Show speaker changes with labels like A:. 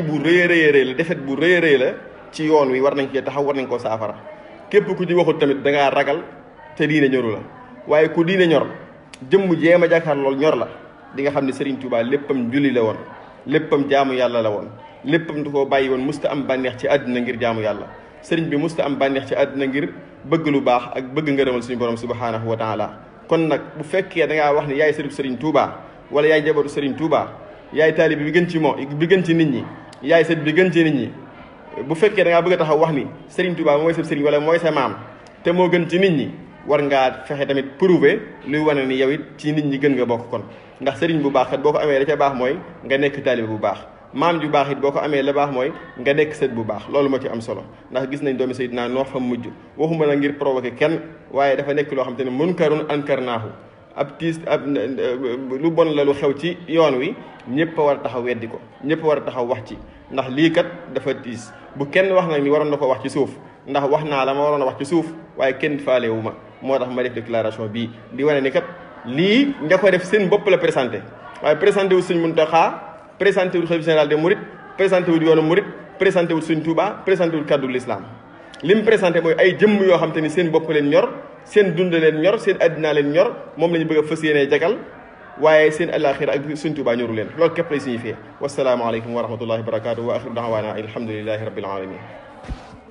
A: bu rëy a rëy la defet bu rëy a la ci yoon wi war nañ cee taxaw war nañ koo saafara képp ku ci waxul tamit da ngaa ragal te diine ñoru la waaye ku diine ñor jëmm jéem a jàkkaar lool ñor la di xam ne Serigne Touba léppam julli la woon léppam jaamu yàlla la woon léppam du ko bàyyi woon musta am bànneex ci àddina ngir jaamu yàlla sëriñ bi musta am bànneex ci àddina ngir bëgg lu baax ak bëgg ngërëmal suñu borom subhaanahu wa taala kon nag bu fekkee da wax ne yaay sëriñ Serigne Touba wala yaay jabaru sëriñ Touba yaay taalibe bi gën ci moo bi ci nit ñi yaay sët bi gën ci nit ñi bu fekkee da ngaa bëgg a taxaw wax ni Serigne Touba mooy sa Serigne wala mooy sa maam te moo gën ci nit ñi war ngaa fexe tamit prouver luy wane ni yow it ci nit ñi gën nga bokk kon ndax sëriñ bu baax kat boo ko amee la ca baax mooy nga nekk taalibe bu baax maam ju baax it boo ko amee la baax mooy nga nekk sët bu baax loolu moo ci am solo ndax gis nañ doomi Seydina Noox fa mujj waxuma la ngir provoquer kenn waaye dafa nekk loo xam te ne munkarun ankarnaahu ab tiis ab lu bon la lu xew ci yoon wi ñëpp a war a taxaw weddi ko ñëpp war a taxaw wax ci ndax lii kat dafa tiis bu kenn wax nag ni waroon na ko wax ci suuf ndax wax naa la ma waroon a wax ci suuf waaye kenn faalewu ma moo tax ma def déclaration bii di wane ni kat lii nga ko def seen bopp la présenté waaye présenté wu suñ mun taxaa wul xalifa général des Mourides présenté wul yoonu Mouride présenté wul suñ Touba présenté wul kàddu lislaam li mu présenté mooy ay jëmm yoo xam te ni seen bopp leen ñor seen dund leen ñor seen addina leen ñor moom la ñu bëgg a fas yéenee jagal waaye seen alaxira ak Sëñ Tuubaa ñoru leen loolu képp lay signifié wasalaamualeykum wa rahmatullahi wa barakaatu wa axiru daawaana alhamdulilahi rabbil alamin